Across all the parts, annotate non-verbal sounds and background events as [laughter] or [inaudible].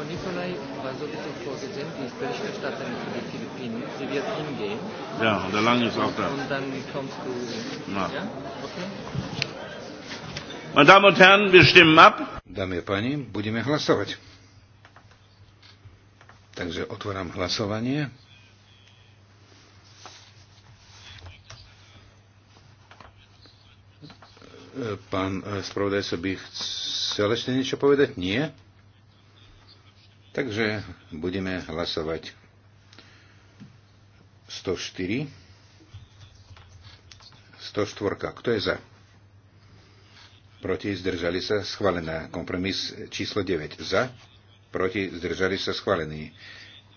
Frau Nicolai war sowieso vorgesehen, die ist Berichterstatterin für die Philippinen. Sie wird hingehen. Ja, und der Lange ist auch da. Und dann kommst du. Na. Ja? Okay. Meine Damen und Herren, wir stimmen ab. Dámy a páni, budeme hlasovať. Takže otváram hlasovanie. Pán spravodajca by chcel ešte niečo povedať? Nie? Takže budeme hlasovať 104. 104. Kto je za? Proti zdržali sa schválená. Kompromis číslo 9. Za. Proti zdržali sa schválený.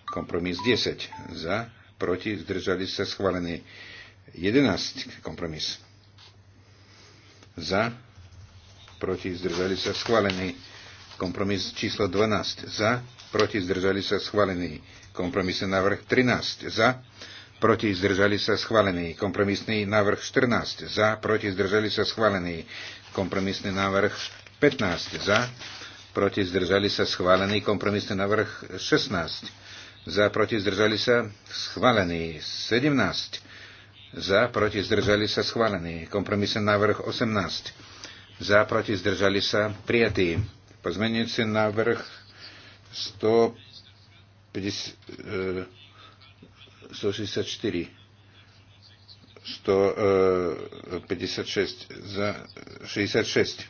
Kompromis 10. Za. Proti zdržali sa schválený. 11. Kompromis. Za. Proti zdržali sa schválený. Kompromis číslo 12. Za proti, zdržali sa, schválený. Kompromisný návrh 13 za, proti, zdržali sa, schválený. Kompromisný návrh 14 za, proti, zdržali sa, schválený. Kompromisný návrh 15 za, proti, zdržali sa, schválený. Kompromisný návrh 16 za, proti, zdržali sa, schválený. 17 za, proti, zdržali sa, schválený. Kompromisný návrh 18 za, proti, zdržali sa, prijatý. Pozmenujúci návrh 150, 164 156 za 66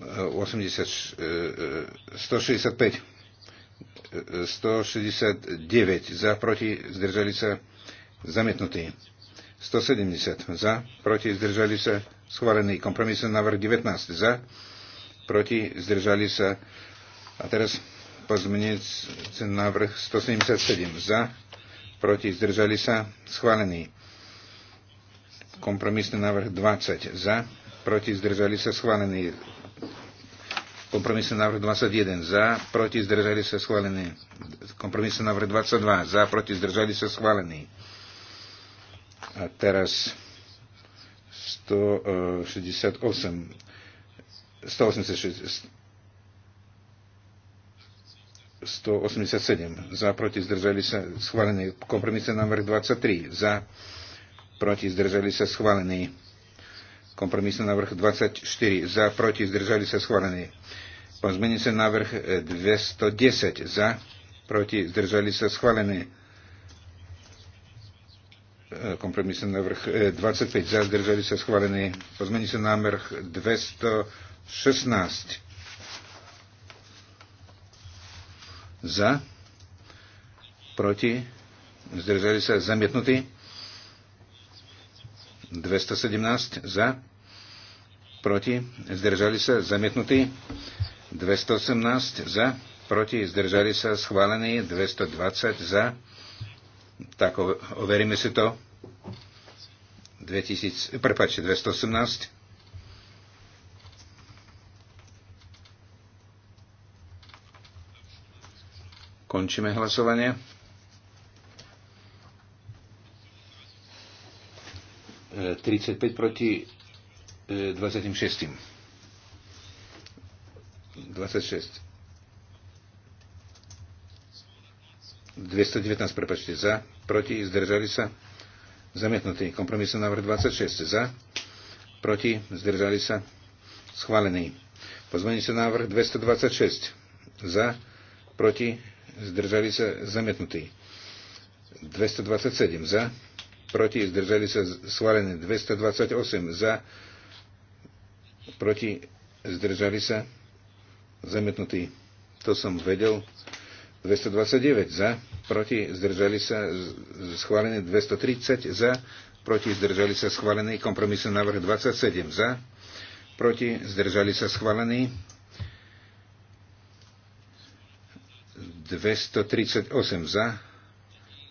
80, 165 169 за proti zdržali sa zamietnutí 170 za proti zdržali sa schválený kompromisný návrh 19 za proti, zdržali sa. A teraz pozmeniec návrh 177 za, proti, zdržali sa, schválený. Kompromisný návrh 20 za, proti, zdržali sa, schválený. Kompromisný návrh 21 za, proti, zdržali sa, schválený. Kompromisný návrh 22 za, proti, zdržali sa, schválený. A teraz 168 187. Za, proti, zdržali sa, schválený. Kompromisný návrh 23. Za, proti, zdržali sa, schválený. Kompromisný návrh 24. Za, proti, zdržali sa, schválený. Pozmenujúci návrh 210. Za, proti, zdržali sa, schválený. Kompromisný návrh 25. Za, zdržali sa, schválený. Pozmenujúci návrh 200 16. Za. Proti. Zdržali sa zamietnutí. 217 za. Proti. Zdržali sa zamietnutí. 218 za. Proti. Zdržali sa schválení. 220 za. Tak overíme si to. 2000, prepáči, 218. Končíme hlasovanie. E, 35 proti e, 26. 26. 219, prepačte, za, proti, zdržali sa, zamietnutý. Kompromisný návrh 26, za, proti, zdržali sa, schválený. Pozvaní sa návrh 226, za, proti, zdržali sa zametnutí. 227 za, proti zdržali sa schválené 228 za, proti zdržali sa zametnutí, To som vedel. 229 za, proti zdržali sa schválené 230 za, proti zdržali sa schválený kompromisný návrh 27 za, proti zdržali sa schválený 238 za,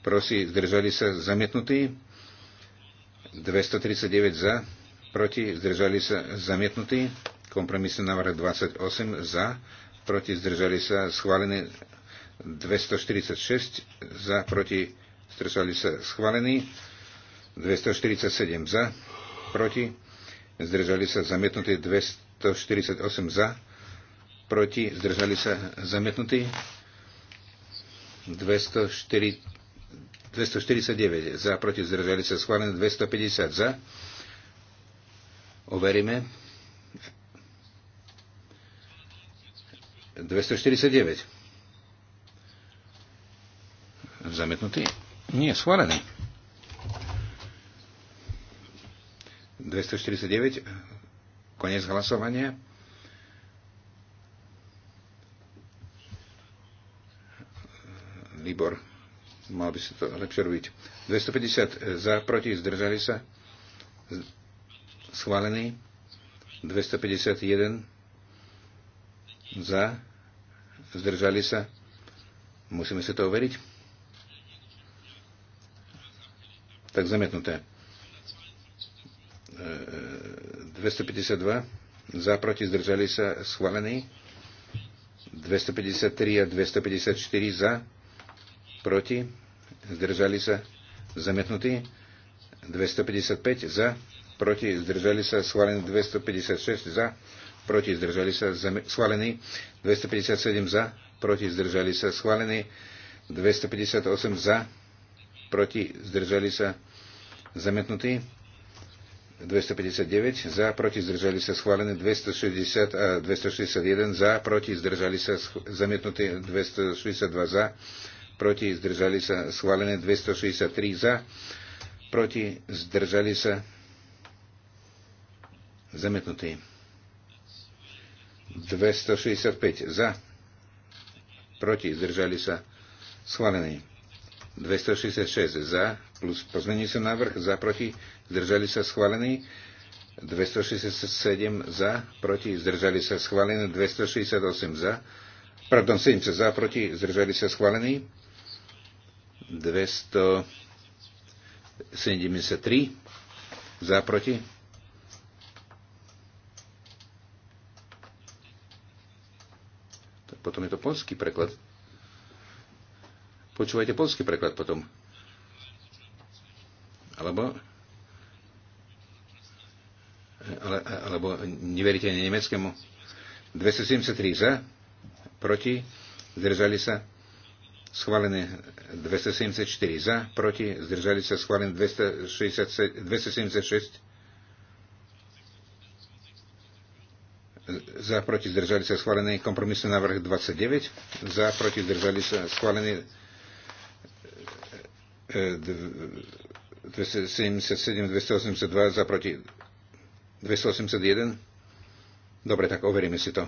Prosí, zdržali sa zamietnutí, 239 za, proti, zdržali sa zamietnutí, kompromisný návrh 28 za, proti, zdržali sa schválený 246 za, proti, zdržali sa schválený 247 za, proti, zdržali sa zamietnutí 248 za, proti, zdržali sa zamietnutí 249 za, proti zdržali sa schválené 250 za. Overíme. 249. Zametnutý? Nie, schválený. 249. Konec hlasovania. výbor. Mal by sa to lepšie robiť. 250 za, proti, zdržali sa. Schválený. 251 za, zdržali sa. Musíme si to overiť. Tak zametnuté. 252 za, proti, zdržali sa. Schválený. 253 a 254 za proti, zdržali sa, zamietnutí, 255 za, proti, zdržali sa, schválený 256 za, proti, zdržali sa, schválený 257 za, proti, zdržali sa, schválený 258 za, proti, zdržali sa, zamietnutí, 259 za, proti, zdržali sa schválené 260 a 261 za, proti, zdržali sa zamietnutí 262 za, proti, zdržali sa, schválené 263 za, proti, zdržali sa, zamietnutý. 265 za, proti, zdržali sa, schválený. 266 za, plus pozmení sa návrh, za, proti, zdržali sa, schválený. 267 za, proti, zdržali sa, schválený. 268 za, pardon, 7 za, proti, zdržali sa, schválený. 273 za proti. Potom je to polský preklad. Počúvajte polský preklad potom. Alebo ale, alebo neveríte nemeckému. 273 za, proti, zdržali sa schválené 274 za, proti, zdržali sa schválené 276 za, proti, zdržali sa schválené kompromisný návrh 29, za, proti, zdržali sa schválené 277, e, 282, za, proti 281. Dobre, tak overíme si to.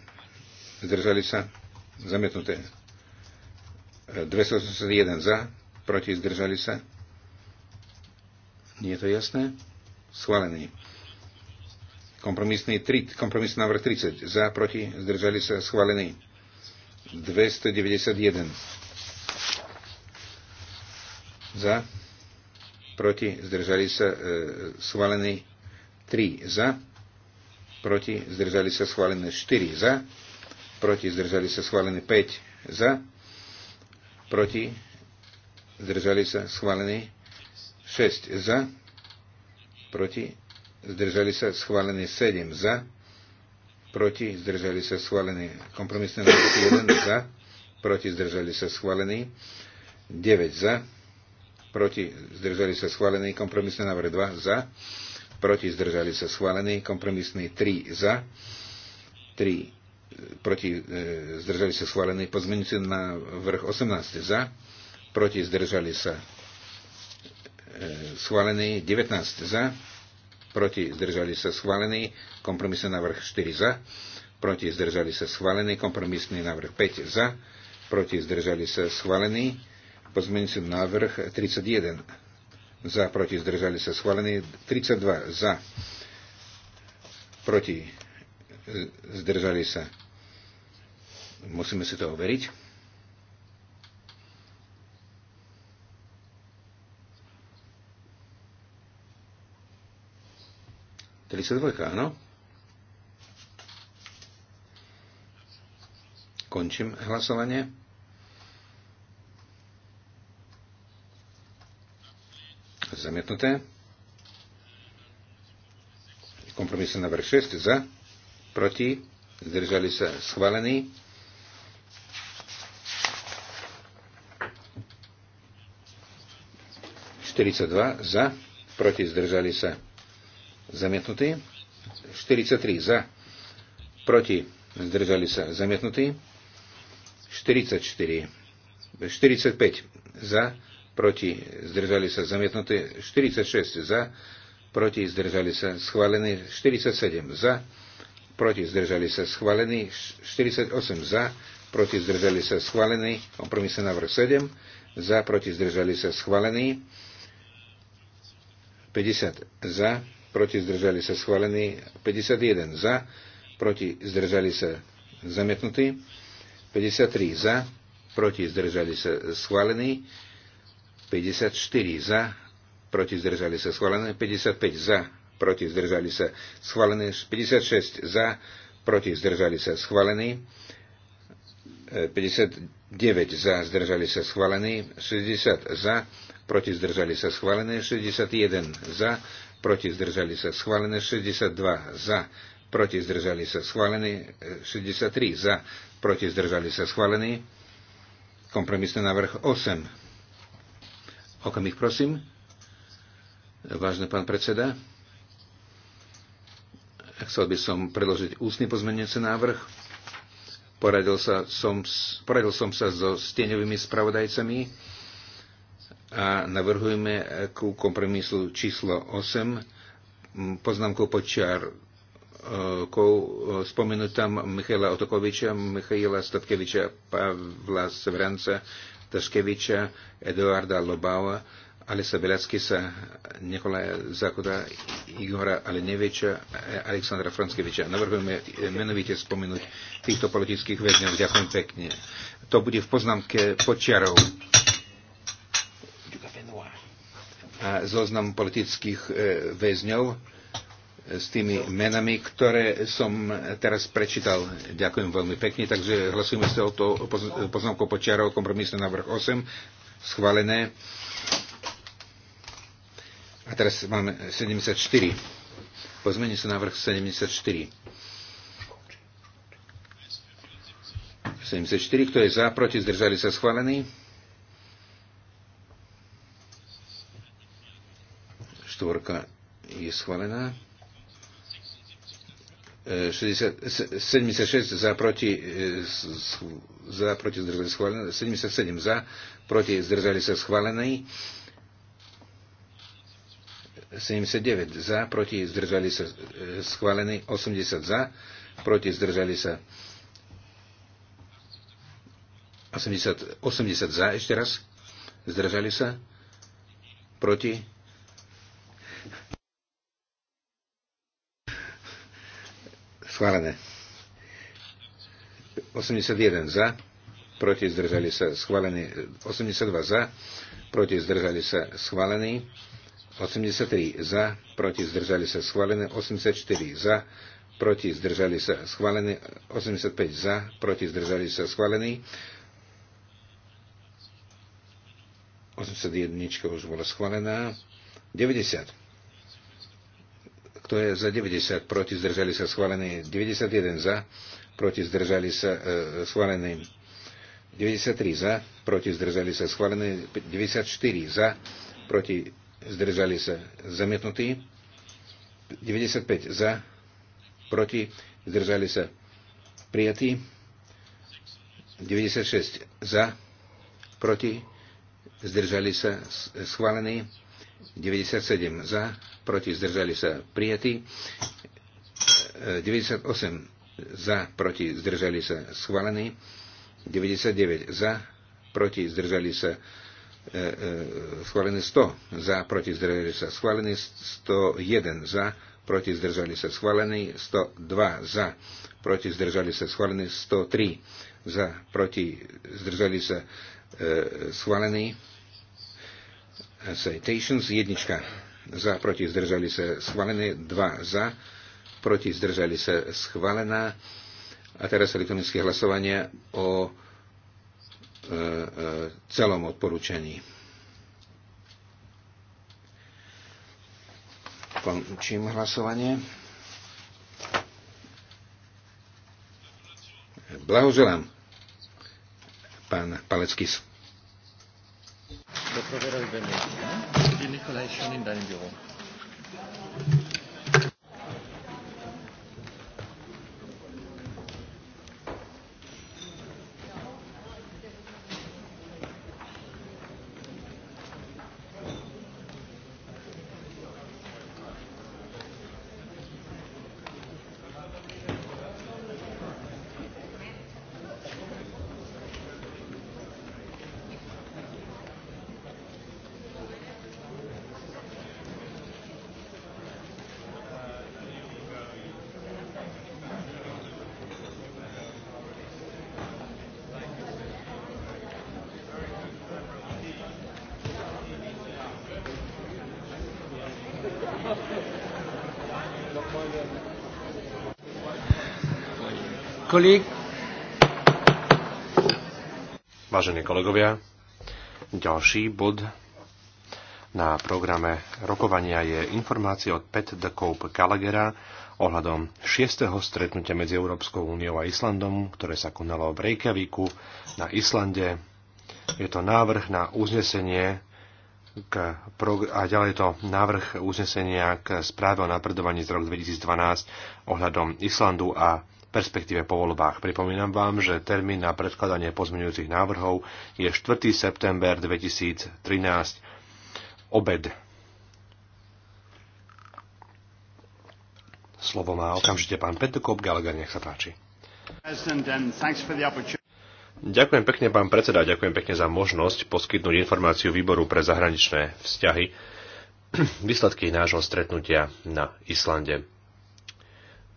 zdržali sa, zamietnuté. 281 e, za, proti, zdržali sa. Nie je to jasné? Schválený. Kompromisný, tri, kompromisný návrh 30. Za, proti, zdržali sa, schválený. 291. Za, proti, zdržali sa, e, schválený. 3 za, proti, zdržali sa, schválené 4 za, proti, zdržali sa schválení 5 za, proti, zdržali sa schválení 6 za, proti, zdržali sa schválení 7 za, proti, zdržali sa schválení kompromisný návrh 1 za, proti, zdržali sa schválení 9 za, proti, zdržali sa schválení kompromisný návrh 2 za, proti, zdržali sa schválení kompromisný 3 za, 3 proti e, zdržali sa schválený pozmeňujúci na vrch 18 za, proti zdržali sa e, schválený 19 za, proti zdržali sa schválený kompromisný návrh 4 za, proti zdržali sa schválený kompromisný návrh 5 za, proti zdržali sa schválený pozmeňujúci návrh 31 za, proti zdržali sa schválený 32 za, proti e, zdržali sa Musíme si to overiť. dvojka, áno? Končím hlasovanie. Zamietnuté. Kompromisný návrh 6 za, proti, zdržali sa schválený. 42 za, proti zdržali sa zamietnutí. 43 za, proti zdržali sa zamietnutí. 44, 45 za, proti zdržali sa zamietnutí. 46 za, proti zdržali sa schválení. 47 za, proti zdržali sa schválení. 48 za, proti zdržali sa schválení. Kompromisný návrh 7 za, proti zdržali sa schválení. 50 za, proti zdržali sa schválení, 51 za, proti zdržali sa zamietnutí, 53 za, proti zdržali sa schválení, 54 za, proti zdržali sa schválené, 55 za, proti zdržali sa schválené, 56 za, proti zdržali sa schválení, 59 za, zdržali sa schválení, 60 za, proti zdržali sa schválené 61 za, proti zdržali sa schválené 62 za, proti zdržali sa schválené 63 e, za, proti zdržali sa schválený kompromisný návrh 8. Okamih prosím. Vážne pán predseda, chcel by som predložiť ústny pozmenujúci návrh. Poradil, sa som, poradil som sa so stieňovými spravodajcami a navrhujeme eh, ku kompromisu číslo 8 mm, poznámkou počiar eh, eh, spomenú tam Michaela Otokoviča, Michaela Stotkeviča, Pavla Sevranca, Taškeviča, Eduarda Lobava, Alisa Belackisa, Nikolaja Zakuda, Igora Alineviča, Aleksandra Franskeviča. Navrhujeme menovite spomenúť týchto politických väzňov. Ďakujem pekne. To bude v poznámke počiarov a zoznam politických e, väzňov e, s tými menami, ktoré som teraz prečítal. Ďakujem veľmi pekne, takže hlasujeme sa o to poznámkou počiarov kompromisný návrh 8, schválené. A teraz máme 74. Pozmení sa návrh 74. 74, kto je za, proti, zdržali sa schválený. Štvorka je schválená. 76 e, za proti, za proti zdržali schválené, 77 za proti zdržali sa schválené 79 za proti zdržali sa schválené 80 za proti zdržali sa 80, e, 80 za ešte raz zdržali sa proti Schválené. 81 za, proti zdržali sa schválení. 82 za, proti zdržali sa schválení. 83 za, proti zdržali sa schválené. 84 za, proti zdržali sa schválené. 85 za, proti zdržali sa schválení. 81 už bola schválená. 90 to je za 90, proti zdržali sa schválený 91 za, proti zdržali sa e, schválený 93 za, proti zdržali sa schválený 94 za, proti zdržali sa zamietnutí 95 za, proti zdržali sa prijatí 96 za, proti zdržali sa e, schválený 97 za, proti zdržali sa prijatí, 98 za, proti zdržali sa schválení, 99 za, proti zdržali sa e, e, schválení. 100 za, proti zdržali sa schválení. 101 za, proti zdržali sa schválení. 102 za, proti zdržali sa schválení. 103 za, proti zdržali sa e, schválení. Citations jednička za, proti zdržali sa schválené, dva za, proti zdržali sa schválená. A teraz elektronické hlasovanie o e, e, celom odporúčaní. Končím hlasovanie. Blahoželám, pán Palecký. Dopo aver il veloce, di schon in deinem Büro. Kolik. Vážení kolegovia, ďalší bod na programe rokovania je informácia od Pet de Cope Gallaghera ohľadom 6. stretnutia medzi Európskou úniou a Islandom, ktoré sa konalo v Reykjavíku na Islande. Je to návrh na uznesenie k a ďalej je to návrh uznesenia k správe o napredovaní z roku 2012 ohľadom Islandu a perspektíve po voľbách. Pripomínam vám, že termín na predkladanie pozmeňujúcich návrhov je 4. september 2013 obed. Slovo má okamžite pán Petrkop Gallagher, nech sa páči. Ďakujem pekne, pán predseda, ďakujem pekne za možnosť poskytnúť informáciu výboru pre zahraničné vzťahy [clears throat] výsledky nášho stretnutia na Islande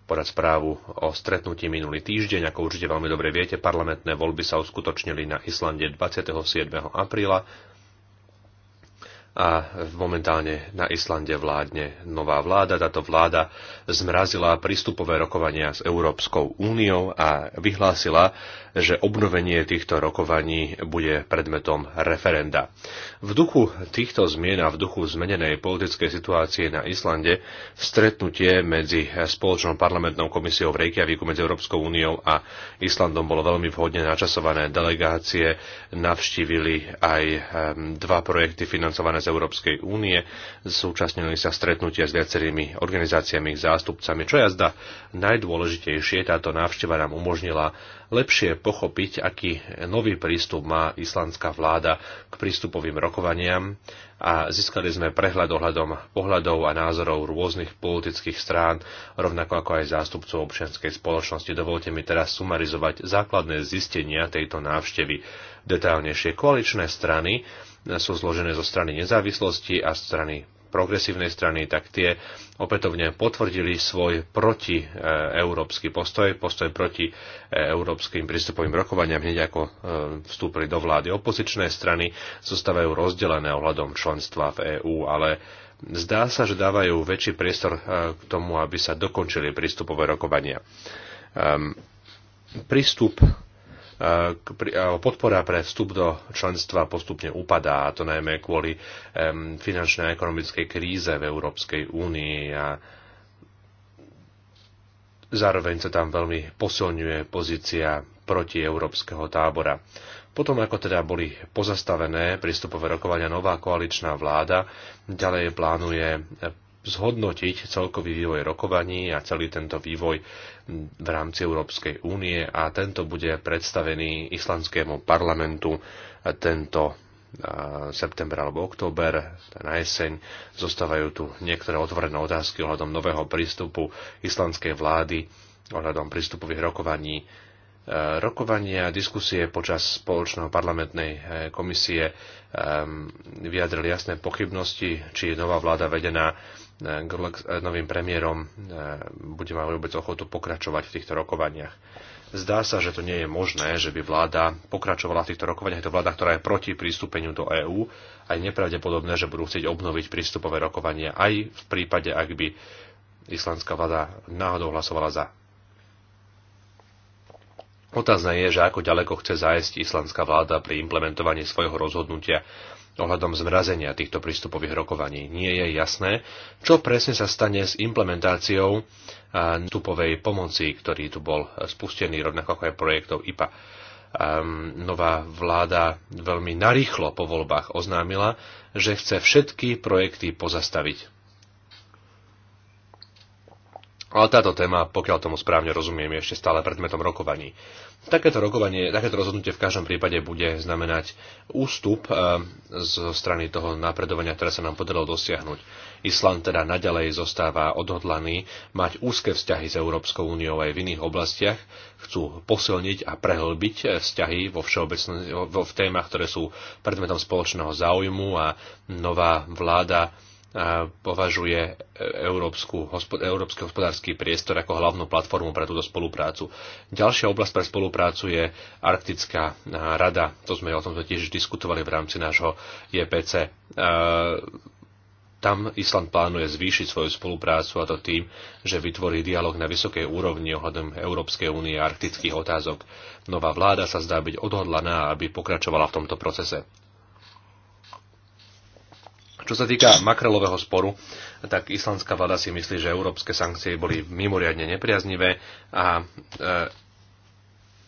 podať správu o stretnutí minulý týždeň. Ako určite veľmi dobre viete, parlamentné voľby sa uskutočnili na Islande 27. apríla a momentálne na Islande vládne nová vláda. Táto vláda zmrazila prístupové rokovania s Európskou úniou a vyhlásila, že obnovenie týchto rokovaní bude predmetom referenda. V duchu týchto zmien a v duchu zmenenej politickej situácie na Islande stretnutie medzi spoločnou parlamentnou komisiou v Reykjavíku medzi Európskou úniou a Islandom bolo veľmi vhodne načasované. Delegácie navštívili aj dva projekty financované z Európskej únie. Súčasnili sa stretnutia s viacerými organizáciami, ich zástupcami. Čo zda najdôležitejšie, táto návšteva nám umožnila lepšie pochopiť, aký nový prístup má islandská vláda k prístupovým rokovaniam a získali sme prehľad ohľadom pohľadov a názorov rôznych politických strán, rovnako ako aj zástupcov občianskej spoločnosti. Dovolte mi teraz sumarizovať základné zistenia tejto návštevy. Detálnejšie koaličné strany sú zložené zo strany nezávislosti a strany progresívnej strany, tak tie opätovne potvrdili svoj protieurópsky postoj, postoj proti e, európskym prístupovým rokovaniam hneď ako e, vstúpili do vlády. Opozičné strany zostávajú rozdelené ohľadom členstva v EÚ, ale zdá sa, že dávajú väčší priestor e, k tomu, aby sa dokončili prístupové rokovania. Ehm, prístup podpora pre vstup do členstva postupne upadá, a to najmä kvôli finančnej a ekonomickej kríze v Európskej únii a zároveň sa tam veľmi posilňuje pozícia proti Európskeho tábora. Potom, ako teda boli pozastavené prístupové rokovania, nová koaličná vláda ďalej plánuje zhodnotiť celkový vývoj rokovaní a celý tento vývoj v rámci Európskej únie a tento bude predstavený islandskému parlamentu tento september alebo október, na jeseň. Zostávajú tu niektoré otvorené otázky ohľadom nového prístupu islandskej vlády, ohľadom prístupových rokovaní e, rokovania a diskusie počas spoločného parlamentnej e, komisie e, vyjadrili jasné pochybnosti, či je nová vláda vedená Eh, novým premiérom eh, bude mať vôbec ochotu pokračovať v týchto rokovaniach. Zdá sa, že to nie je možné, že by vláda pokračovala v týchto rokovaniach. Je to vláda, ktorá je proti prístupeniu do EÚ a je nepravdepodobné, že budú chcieť obnoviť prístupové rokovania aj v prípade, ak by islandská vláda náhodou hlasovala za. Otázne je, že ako ďaleko chce zájsť islandská vláda pri implementovaní svojho rozhodnutia ohľadom zmrazenia týchto prístupových rokovaní. Nie je jasné, čo presne sa stane s implementáciou tupovej pomoci, ktorý tu bol spustený, rovnako ako aj projektov IPA. Um, nová vláda veľmi narýchlo po voľbách oznámila, že chce všetky projekty pozastaviť. Ale táto téma, pokiaľ tomu správne rozumiem, je ešte stále predmetom rokovaní. Takéto, rokovanie, takéto rozhodnutie v každom prípade bude znamenať ústup eh, zo strany toho napredovania, ktoré sa nám podarilo dosiahnuť. Island teda naďalej zostáva odhodlaný mať úzke vzťahy s Európskou úniou aj v iných oblastiach, chcú posilniť a prehlbiť eh, vzťahy vo všeobecnosti, vo, v témach, ktoré sú predmetom spoločného záujmu a nová vláda považuje e, Európsku, Európsky hospodársky priestor ako hlavnú platformu pre túto spoluprácu. Ďalšia oblasť pre spoluprácu je Arktická e, rada. To sme o tom tiež diskutovali v rámci nášho JPC. E, tam Island plánuje zvýšiť svoju spoluprácu a to tým, že vytvorí dialog na vysokej úrovni ohľadom Európskej únie a arktických otázok. Nová vláda sa zdá byť odhodlaná, aby pokračovala v tomto procese. Čo sa týka makrelového sporu, tak islandská vláda si myslí, že európske sankcie boli mimoriadne nepriaznivé a e,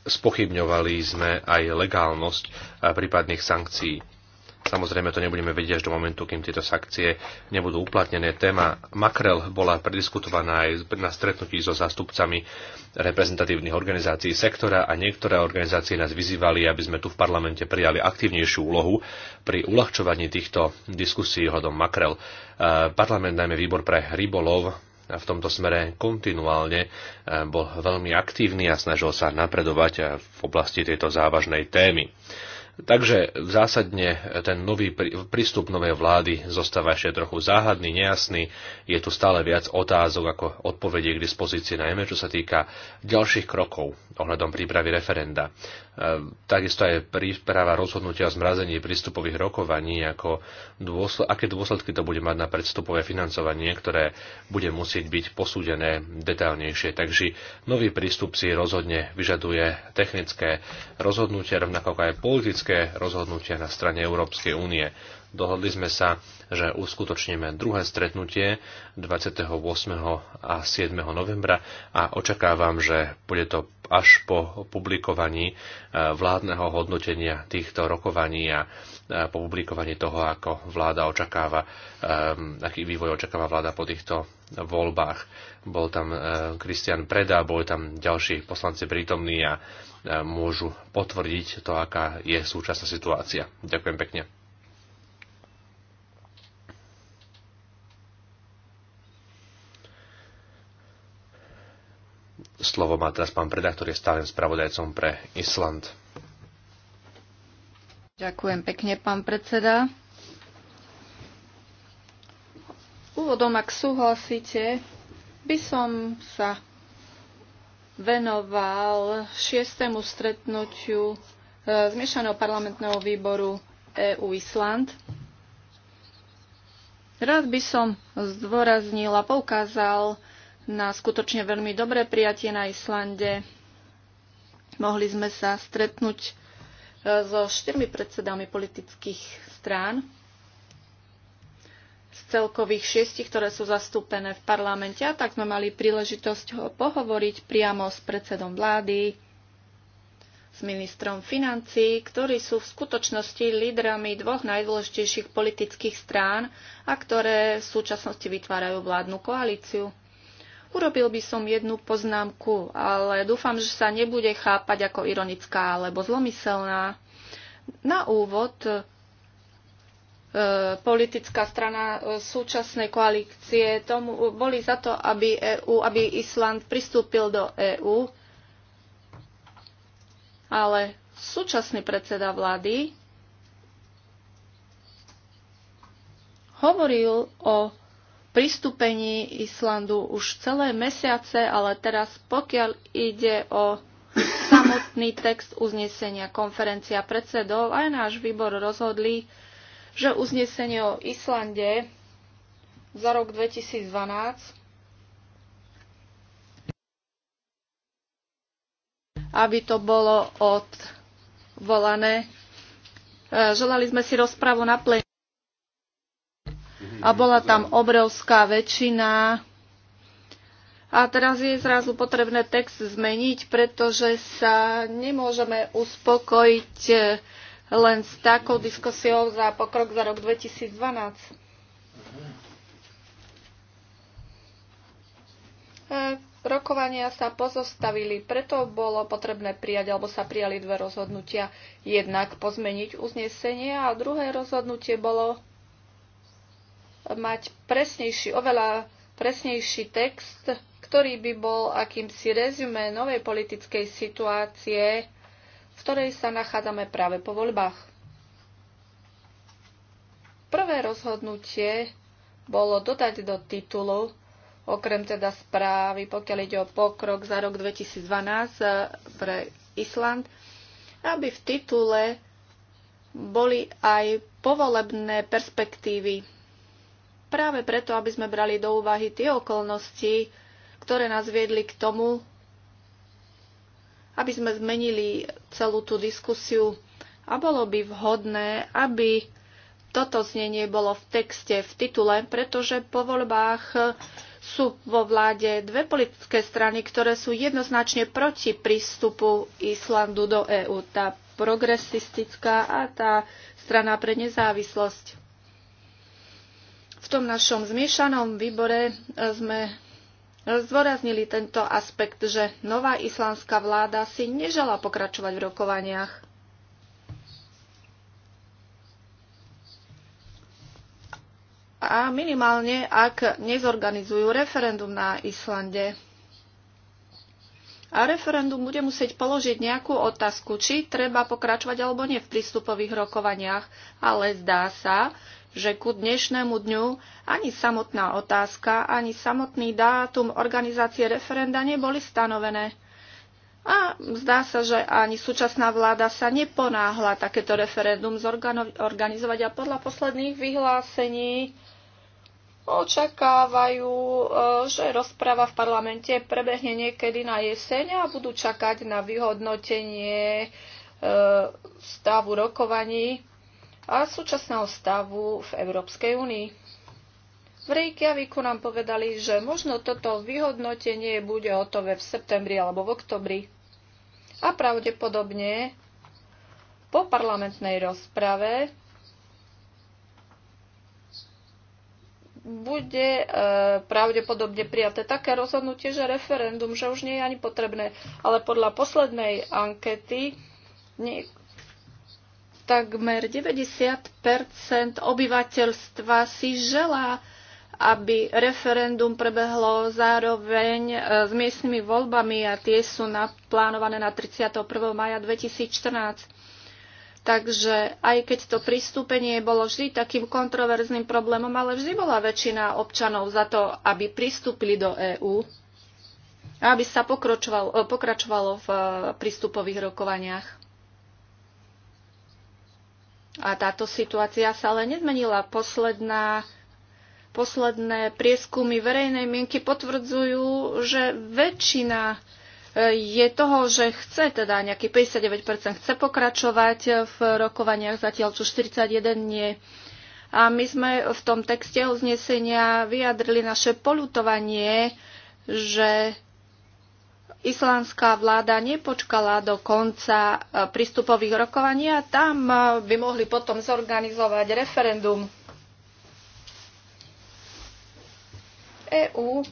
spochybňovali sme aj legálnosť e, prípadných sankcií. Samozrejme to nebudeme vedieť až do momentu, kým tieto sankcie nebudú uplatnené. Téma makrel bola prediskutovaná aj na stretnutí so zástupcami reprezentatívnych organizácií sektora a niektoré organizácie nás vyzývali, aby sme tu v parlamente prijali aktívnejšiu úlohu pri uľahčovaní týchto diskusí hľadom makrel. E, parlament, najmä výbor pre rybolov, v tomto smere kontinuálne e, bol veľmi aktívny a snažil sa napredovať v oblasti tejto závažnej témy. Takže zásadne ten nový prístup novej vlády zostáva ešte trochu záhadný, nejasný. Je tu stále viac otázok ako odpovedie k dispozícii, najmä čo sa týka ďalších krokov ohľadom prípravy referenda. E, takisto aj príprava rozhodnutia o zmrazení prístupových rokovaní, ako dôsled, aké dôsledky to bude mať na predstupové financovanie, ktoré bude musieť byť posúdené detailnejšie. Takže nový prístup si rozhodne vyžaduje technické rozhodnutia, rovnako ako aj politické politické rozhodnutia na strane Európskej únie. Dohodli sme sa že uskutočníme druhé stretnutie 28. a 7. novembra a očakávam, že bude to až po publikovaní e, vládneho hodnotenia týchto rokovaní a e, po publikovaní toho, ako vláda očakáva, e, aký vývoj očakáva vláda po týchto voľbách. Bol tam Kristian Preda, boli tam ďalší poslanci prítomní a môžu potvrdiť to, aká je súčasná situácia. Ďakujem pekne. Slovo má teraz pán Preda, ktorý je stálym spravodajcom pre Island. Ďakujem pekne, pán predseda. Úvodom, ak súhlasíte, by som sa venoval šiestému stretnutiu e, Zmiešaného parlamentného výboru EU Island. Rád by som zdôraznil a poukázal na skutočne veľmi dobré prijatie na Islande. Mohli sme sa stretnúť e, so štyrmi predsedami politických strán z celkových šiestich, ktoré sú zastúpené v parlamente. A tak sme mali príležitosť pohovoriť priamo s predsedom vlády, s ministrom financí, ktorí sú v skutočnosti lídrami dvoch najdôležitejších politických strán a ktoré v súčasnosti vytvárajú vládnu koalíciu. Urobil by som jednu poznámku, ale dúfam, že sa nebude chápať ako ironická alebo zlomyselná. Na úvod e, politická strana e, súčasnej koalície tomu, boli za to, aby, EU, aby Island pristúpil do EÚ, ale súčasný predseda vlády hovoril o pristúpení Islandu už celé mesiace, ale teraz pokiaľ ide o samotný text uznesenia konferencia predsedov, aj náš výbor rozhodli, že uznesenie o Islande za rok 2012 aby to bolo odvolané. E, želali sme si rozpravu na plen a bola tam obrovská väčšina. A teraz je zrazu potrebné text zmeniť, pretože sa nemôžeme uspokojiť eh, len s takou diskusiou za pokrok za rok 2012. Eh, rokovania sa pozostavili, preto bolo potrebné prijať, alebo sa prijali dve rozhodnutia. Jednak pozmeniť uznesenie a druhé rozhodnutie bolo mať presnejší, oveľa presnejší text, ktorý by bol akýmsi rezume novej politickej situácie, v ktorej sa nachádzame práve po voľbách. Prvé rozhodnutie bolo dodať do titulu, okrem teda správy, pokiaľ ide o pokrok za rok 2012 eh, pre Island, aby v titule boli aj povolebné perspektívy práve preto, aby sme brali do úvahy tie okolnosti, ktoré nás viedli k tomu, aby sme zmenili celú tú diskusiu a bolo by vhodné, aby toto znenie bolo v texte, v titule, pretože po voľbách sú vo vláde dve politické strany, ktoré sú jednoznačne proti prístupu Islandu do EÚ. Tá progresistická a tá strana pre nezávislosť. V tom našom zmiešanom výbore e, sme e, zdôraznili tento aspekt, že nová islandská vláda si nežela pokračovať v rokovaniach. A minimálne, ak nezorganizujú referendum na Islande a referendum bude musieť položiť nejakú otázku, či treba pokračovať alebo nie v prístupových rokovaniach, ale zdá sa, že ku dnešnému dňu ani samotná otázka, ani samotný dátum organizácie referenda neboli stanovené. A zdá sa, že ani súčasná vláda sa neponáhla takéto referendum zorganizovať a podľa posledných vyhlásení očakávajú, e, že rozprava v parlamente prebehne niekedy na jeseň a budú čakať na vyhodnotenie e, stavu rokovaní a súčasného stavu v Európskej únii. V Reykjavíku nám povedali, že možno toto vyhodnotenie bude hotové v septembri alebo v oktobri. A pravdepodobne po parlamentnej rozprave bude e, pravdepodobne prijaté také rozhodnutie, že referendum, že už nie je ani potrebné. Ale podľa poslednej ankety nie, takmer 90 obyvateľstva si želá, aby referendum prebehlo zároveň e, s miestnymi voľbami a tie sú naplánované na 31. maja 2014. Takže aj keď to pristúpenie bolo vždy takým kontroverzným problémom, ale vždy bola väčšina občanov za to, aby pristúpili do EÚ a aby sa e, pokračovalo v e, prístupových rokovaniach. A táto situácia sa ale nezmenila. Posledná, posledné prieskumy verejnej mienky potvrdzujú, že väčšina e, je toho, že chce, teda nejaký 59% chce pokračovať v rokovaniach, zatiaľ čo 41 nie. A my sme v tom texte uznesenia vyjadrili naše polutovanie, že islandská vláda nepočkala do konca e, prístupových rokovania, tam e, by mohli potom zorganizovať referendum. EÚ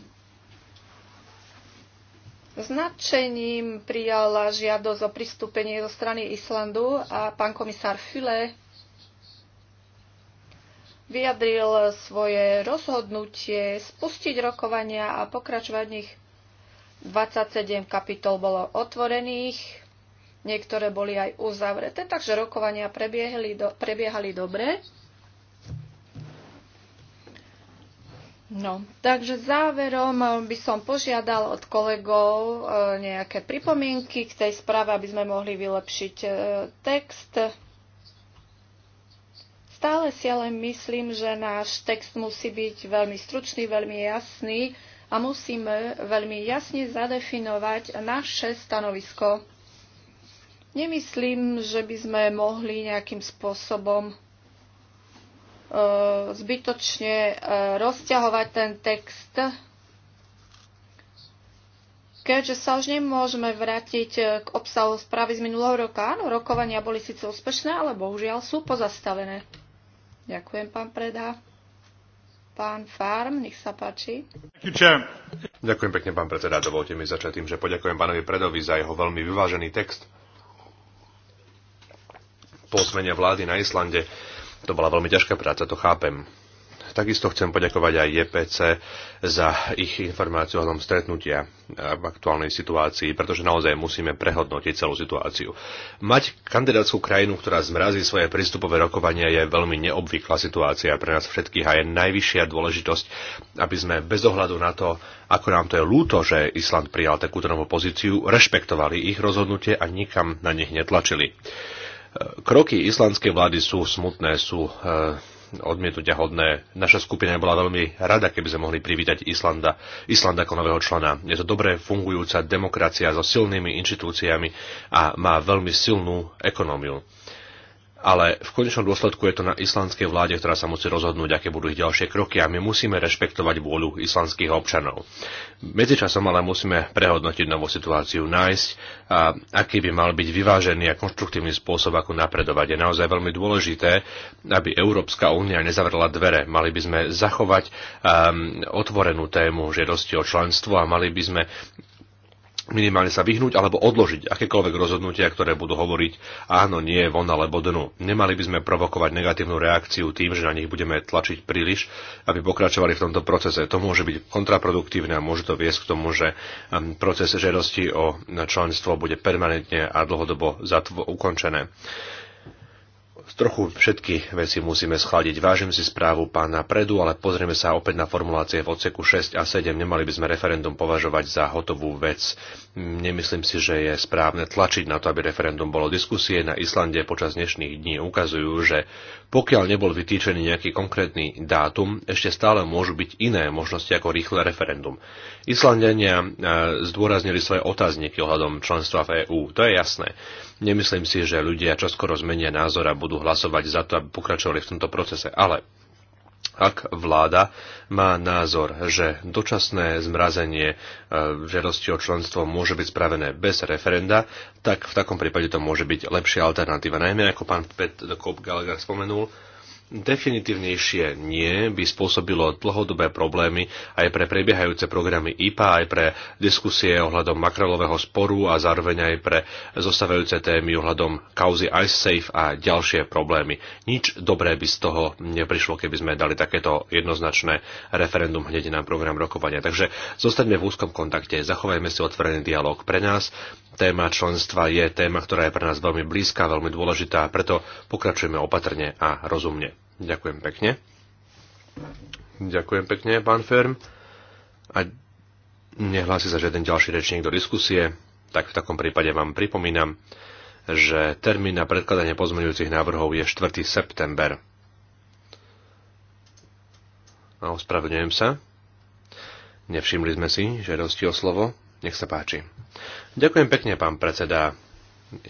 značením prijala žiadosť o pristúpenie zo strany Islandu a pán komisár File vyjadril svoje rozhodnutie spustiť rokovania a pokračovať v nich 27 kapitol bolo otvorených, niektoré boli aj uzavreté, takže rokovania prebiehali, do, prebiehali dobre. No, takže záverom eh, by som požiadal od kolegov eh, nejaké pripomienky k tej správe, aby sme mohli vylepšiť eh, text. Stále si ale myslím, že náš text musí byť veľmi stručný, veľmi jasný a musíme veľmi jasne zadefinovať naše stanovisko. Nemyslím, že by sme mohli nejakým spôsobom e, zbytočne e, rozťahovať ten text, keďže sa už nemôžeme vrátiť e, k obsahu správy z minulého roka. Áno, rokovania boli síce úspešné, ale bohužiaľ sú pozastavené. Ďakujem, pán Preda. Pán Farm, nech sa páči. Ďakujem pekne, pán predseda. Dovolte mi začať tým, že poďakujem pánovi Predovi za jeho veľmi vyvážený text. Po zmene vlády na Islande to bola veľmi ťažká práca, to chápem. Takisto chcem poďakovať aj JPC za ich informáciu o stretnutia v aktuálnej situácii, pretože naozaj musíme prehodnotiť celú situáciu. Mať kandidátskú krajinu, ktorá zmrazí svoje prístupové rokovania, je veľmi neobvyklá situácia pre nás všetkých a je najvyššia dôležitosť, aby sme bez ohľadu na to, ako nám to je lúto, že Island prijal takúto novú pozíciu, rešpektovali ich rozhodnutie a nikam na nich netlačili. Kroky islandskej vlády sú smutné, sú eh, odmietnutia hodné. Naša skupina bola veľmi rada, keby sme mohli privítať Islanda, Islanda ako nového člena. Je to dobre fungujúca demokracia so silnými inštitúciami a má veľmi silnú ekonómiu ale v konečnom dôsledku je to na islandskej vláde, ktorá sa musí rozhodnúť, aké budú ich ďalšie kroky a my musíme rešpektovať vôľu islandských občanov. Medzičasom ale musíme prehodnotiť novú situáciu, nájsť, a aký by mal byť vyvážený a konštruktívny spôsob, ako napredovať. Je naozaj veľmi dôležité, aby Európska únia nezavrela dvere. Mali by sme zachovať um, otvorenú tému žiadosti o členstvo a mali by sme minimálne sa vyhnúť alebo odložiť akékoľvek rozhodnutia, ktoré budú hovoriť áno, nie, von alebo dnu. Nemali by sme provokovať negatívnu reakciu tým, že na nich budeme tlačiť príliš, aby pokračovali v tomto procese. To môže byť kontraproduktívne a môže to viesť k tomu, že um, proces žiadosti o členstvo bude permanentne a dlhodobo ukončené trochu všetky veci musíme schladiť. Vážim si správu pána Predu, ale pozrieme sa opäť na formulácie v odseku 6 a 7. Nemali by sme referendum považovať za hotovú vec. Nemyslím si, že je správne tlačiť na to, aby referendum bolo diskusie. Na Islande počas dnešných dní ukazujú, že pokiaľ nebol vytýčený nejaký konkrétny dátum, ešte stále môžu byť iné možnosti ako rýchle referendum. Islandania e, zdôraznili svoje otázniky ohľadom členstva v EÚ, to je jasné. Nemyslím si, že ľudia čoskoro zmenia názor a budú hlasovať za to, aby pokračovali v tomto procese, ale ak vláda má názor, že dočasné zmrazenie e, žiadosti o členstvo môže byť spravené bez referenda, tak v takom prípade to môže byť lepšia alternatíva. Najmä ako pán Pet Kop Gallagher spomenul, Definitívnejšie nie by spôsobilo dlhodobé problémy aj pre prebiehajúce programy IPA, aj pre diskusie ohľadom makrelového sporu a zároveň aj pre zostávajúce témy ohľadom kauzy IceSafe a ďalšie problémy. Nič dobré by z toho neprišlo, keby sme dali takéto jednoznačné referendum hneď na program rokovania. Takže zostaňme v úzkom kontakte, zachovajme si otvorený dialog. Pre nás téma členstva je téma, ktorá je pre nás veľmi blízka, veľmi dôležitá, preto pokračujeme opatrne a rozumne. Ďakujem pekne. Ďakujem pekne, pán Ferm. A nehlási sa žiaden ďalší rečník do diskusie, tak v takom prípade vám pripomínam, že termín na predkladanie pozmeňujúcich návrhov je 4. september. A ospravedlňujem sa. Nevšimli sme si žiadosti o slovo. Nech sa páči. Ďakujem pekne, pán predseda.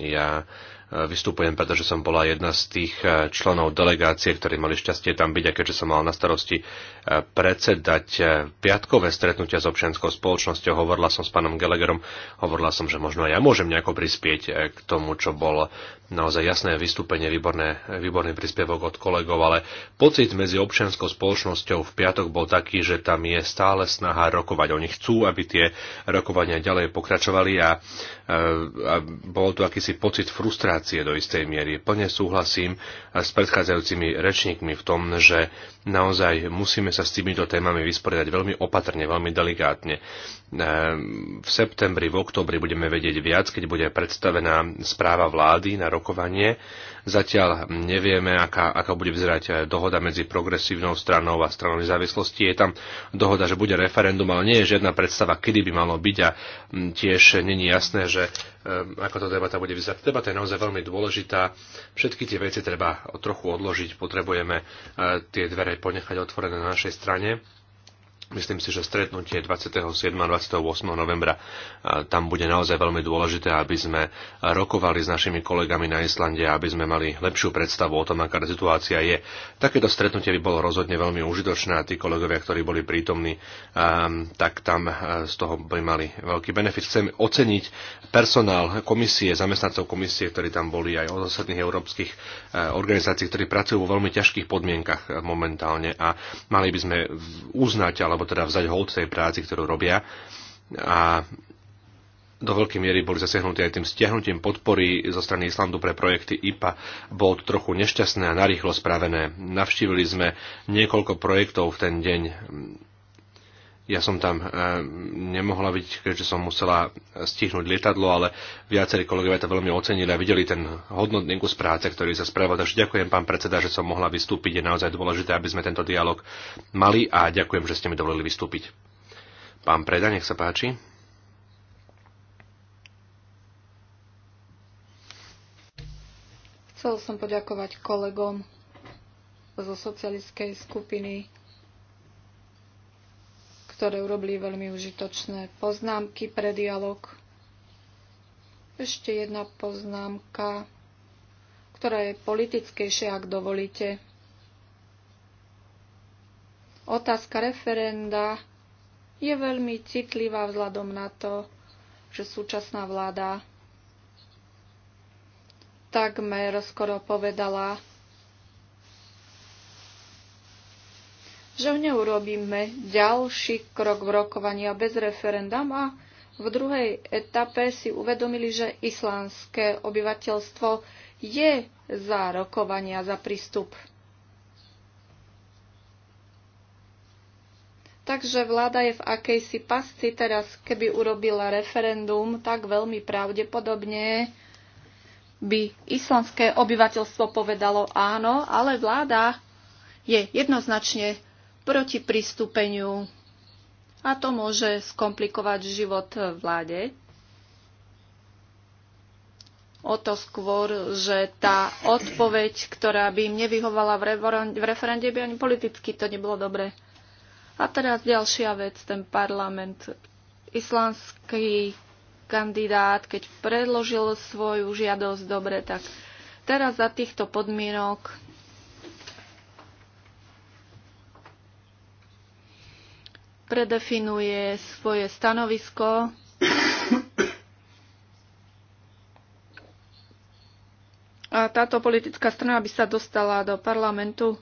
Ja vystupujem, pretože som bola jedna z tých eh, členov delegácie, ktorí mali šťastie tam byť a keďže som mal na starosti eh, predsedať eh, piatkové stretnutia s občianskou spoločnosťou, hovorila som s pánom Gallagherom, hovorila som, že možno ja môžem nejako prispieť k tomu, čo bolo naozaj jasné vystúpenie, výborné, výborný príspevok od kolegov, ale pocit medzi občianskou spoločnosťou v piatok bol taký, že tam je stále snaha rokovať. Oni chcú, aby tie rokovania ďalej pokračovali a a bol tu akýsi pocit frustrácie do istej miery. Plne súhlasím s predchádzajúcimi rečníkmi v tom, že naozaj musíme sa s týmito témami vysporiadať veľmi opatrne, veľmi delikátne. E, v septembri, v oktobri budeme vedieť viac, keď bude predstavená správa vlády na rokovanie. Zatiaľ nevieme, aká, aká bude vyzerať e, dohoda medzi progresívnou stranou a stranou nezávislosti. Je tam dohoda, že bude referendum, ale nie je žiadna predstava, kedy by malo byť a tiež není jasné, že e, ako tá debata bude vyzerať. Debata je naozaj veľmi dôležitá. Všetky tie veci treba trochu odložiť. Potrebujeme e, tie dvere ponechať otvorené na našej strane Myslím si, že stretnutie 27. a 28. novembra tam bude naozaj veľmi dôležité, aby sme rokovali s našimi kolegami na Islande, aby sme mali lepšiu predstavu o tom, aká situácia je. Takéto stretnutie by bolo rozhodne veľmi užitočné a tí kolegovia, ktorí boli prítomní, tak tam z toho by mali veľký benefit. Chcem oceniť personál komisie, zamestnancov komisie, ktorí tam boli aj od ostatných európskych organizácií, ktorí pracujú vo veľmi ťažkých podmienkach momentálne a mali by sme uznať, ale alebo teda vzať hold tej práci, ktorú robia. A do veľkej miery boli zasiahnutí aj tým stiahnutím podpory zo strany Islandu pre projekty IPA. Bolo to trochu nešťastné a narýchlo spravené. Navštívili sme niekoľko projektov v ten deň ja som tam e, nemohla byť, keďže som musela stihnúť lietadlo, ale viacerí kolegovia to veľmi ocenili a videli ten hodnotný kus práce, ktorý sa spravil. Takže ďakujem, pán predseda, že som mohla vystúpiť. Je naozaj dôležité, aby sme tento dialog mali a ďakujem, že ste mi dovolili vystúpiť. Pán Preda, nech sa páči. Chcel som poďakovať kolegom zo socialistskej skupiny ktoré urobili veľmi užitočné poznámky pre dialog. Ešte jedna poznámka, ktorá je politickejšia, ak dovolíte. Otázka referenda je veľmi citlivá vzhľadom na to, že súčasná vláda takmer skoro povedala, že neurobíme ďalší krok v rokovania bez referendum a v druhej etape si uvedomili, že islandské obyvateľstvo je za rokovania, za prístup. Takže vláda je v akejsi pasci teraz, keby urobila referendum, tak veľmi pravdepodobne by islandské obyvateľstvo povedalo áno, ale vláda je jednoznačne proti pristúpeniu a to môže skomplikovať život vláde. O to skôr, že tá odpoveď, ktorá by im nevyhovala v referende, by ani politicky to nebolo dobre. A teraz ďalšia vec, ten parlament. Islandský kandidát, keď predložil svoju žiadosť dobre, tak teraz za týchto podmienok predefinuje svoje stanovisko a táto politická strana by sa dostala do parlamentu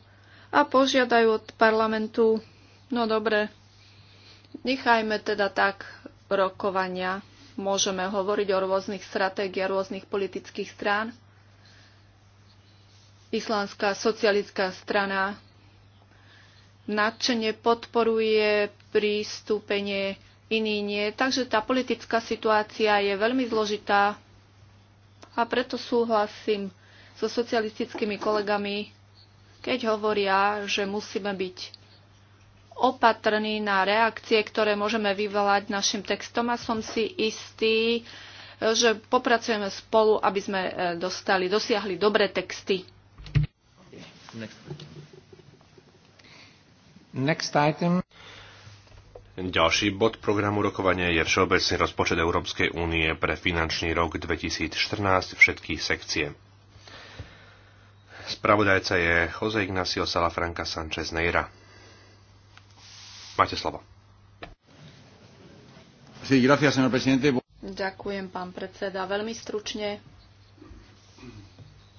a požiadajú od parlamentu, no dobre, nechajme teda tak rokovania. Môžeme hovoriť o rôznych stratégiách rôznych politických strán. Islandská socialická strana nadšene podporuje pristúpenie, iný nie. Takže tá politická situácia je veľmi zložitá a preto súhlasím so socialistickými kolegami, keď hovoria, že musíme byť opatrní na reakcie, ktoré môžeme vyvolať našim textom a som si istý, že popracujeme spolu, aby sme e, dostali, dosiahli dobré texty. Next item. Ďalší bod programu rokovania je Všeobecný rozpočet Európskej únie pre finančný rok 2014 všetky sekcie. Spravodajca je Jose Ignacio Salafranca Sanchez Neira. Máte slovo. Ďakujem, pán predseda. Veľmi stručne.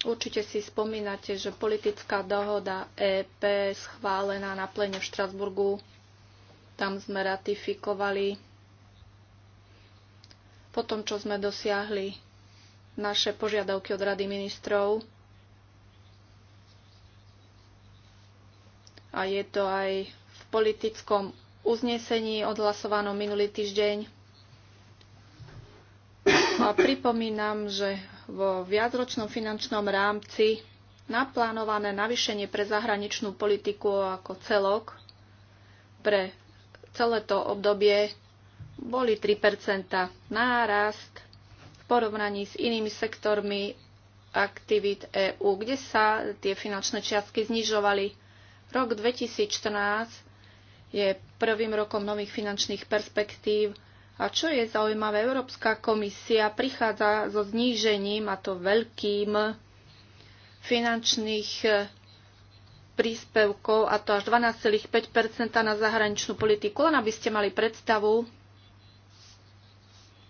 Určite si spomínate, že politická dohoda EP schválená na plene v Štrasburgu tam sme ratifikovali po tom, čo sme dosiahli naše požiadavky od Rady ministrov. A je to aj v politickom uznesení odhlasovanom minulý týždeň. A pripomínam, že vo viacročnom finančnom rámci naplánované navýšenie pre zahraničnú politiku ako celok pre celé to obdobie boli 3 nárast v porovnaní s inými sektormi aktivít EÚ, kde sa tie finančné čiastky znižovali. Rok 2014 je prvým rokom nových finančných perspektív a čo je zaujímavé, Európska komisia prichádza so znížením, a to veľkým, finančných príspevkov, a to až 12,5 na zahraničnú politiku. Len aby ste mali predstavu,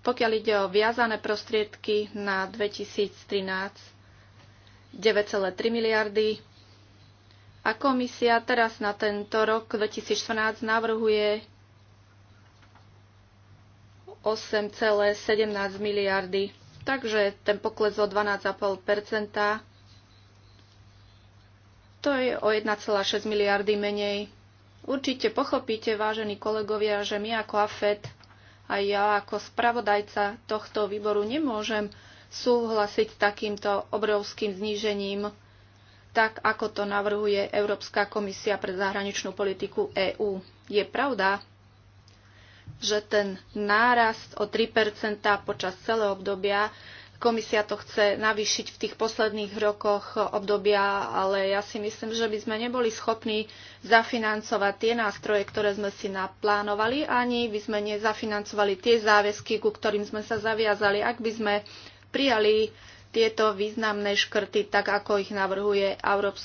pokiaľ ide o viazané prostriedky na 2013, 9,3 miliardy. A komisia teraz na tento rok 2014 navrhuje 8,17 miliardy. Takže ten pokles o 12,5 to je o 1,6 miliardy menej. Určite pochopíte, vážení kolegovia, že my ako AFED a ja ako spravodajca tohto výboru nemôžem súhlasiť s takýmto obrovským znížením, tak ako to navrhuje Európska komisia pre zahraničnú politiku EÚ. Je pravda, že ten nárast o 3 počas celého obdobia Komisia to chce navýšiť v tých posledných rokoch obdobia, ale ja si myslím, že by sme neboli schopní zafinancovať tie nástroje, ktoré sme si naplánovali, ani by sme nezafinancovali tie záväzky, ku ktorým sme sa zaviazali, ak by sme prijali tieto významné škrty, tak ako ich navrhuje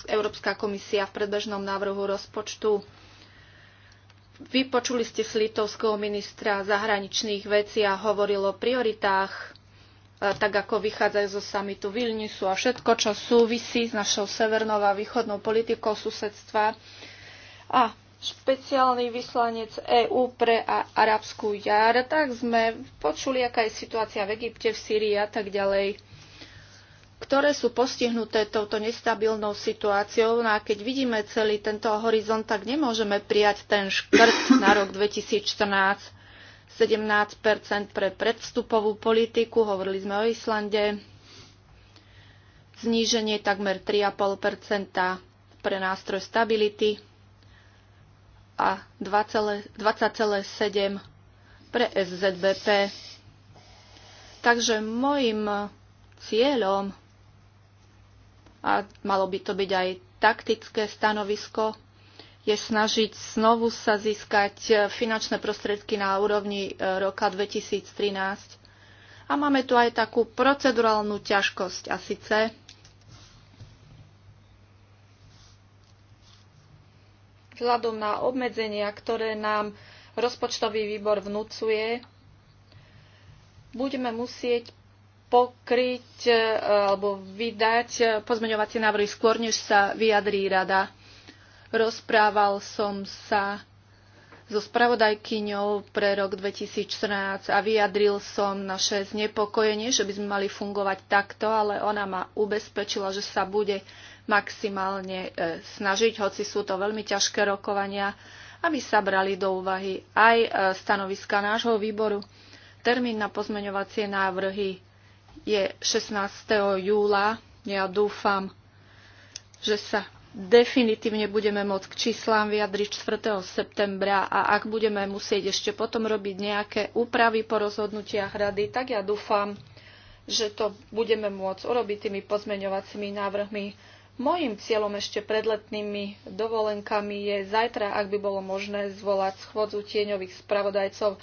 Európska komisia v predbežnom návrhu rozpočtu. Vypočuli ste si litovského ministra zahraničných vecí a hovoril o prioritách E, tak ako vychádzajú zo samitu Vilniusu a všetko, čo súvisí s našou severnou a východnou politikou susedstva. A špeciálny vyslanec EÚ pre arabskú jar, tak sme počuli, aká je situácia v Egypte, v Sýrii a tak ďalej, ktoré sú postihnuté touto nestabilnou situáciou. No a keď vidíme celý tento horizont, tak nemôžeme prijať ten škrt na rok 2014 [coughs] 17 pre predstupovú politiku, hovorili sme o Islande, zníženie takmer 3,5 pre nástroj stability a 20,7 pre SZBP. Takže môjim cieľom, a malo by to byť aj taktické stanovisko, je snažiť znovu sa získať e, finančné prostriedky na úrovni e, roka 2013. A máme tu aj takú procedurálnu ťažkosť a síce vzhľadom na obmedzenia, ktoré nám rozpočtový výbor vnúcuje, budeme musieť pokryť e, alebo vydať pozmeňovacie návrhy skôr, než sa vyjadrí rada. Rozprával som sa so spravodajkyňou pre rok 2014 a vyjadril som naše znepokojenie, že by sme mali fungovať takto, ale ona ma ubezpečila, že sa bude maximálne e, snažiť, hoci sú to veľmi ťažké rokovania, aby sa brali do úvahy aj e, stanoviska nášho výboru. Termín na pozmeňovacie návrhy je 16. júla. Ja dúfam, že sa definitívne budeme môcť k číslám vyjadriť 4. septembra a ak budeme musieť ešte potom robiť nejaké úpravy po rozhodnutiach rady, tak ja dúfam, že to budeme môcť urobiť tými pozmeňovacími návrhmi. Mojím cieľom ešte pred letnými dovolenkami je zajtra, ak by bolo možné, zvolať schôdzu tieňových spravodajcov,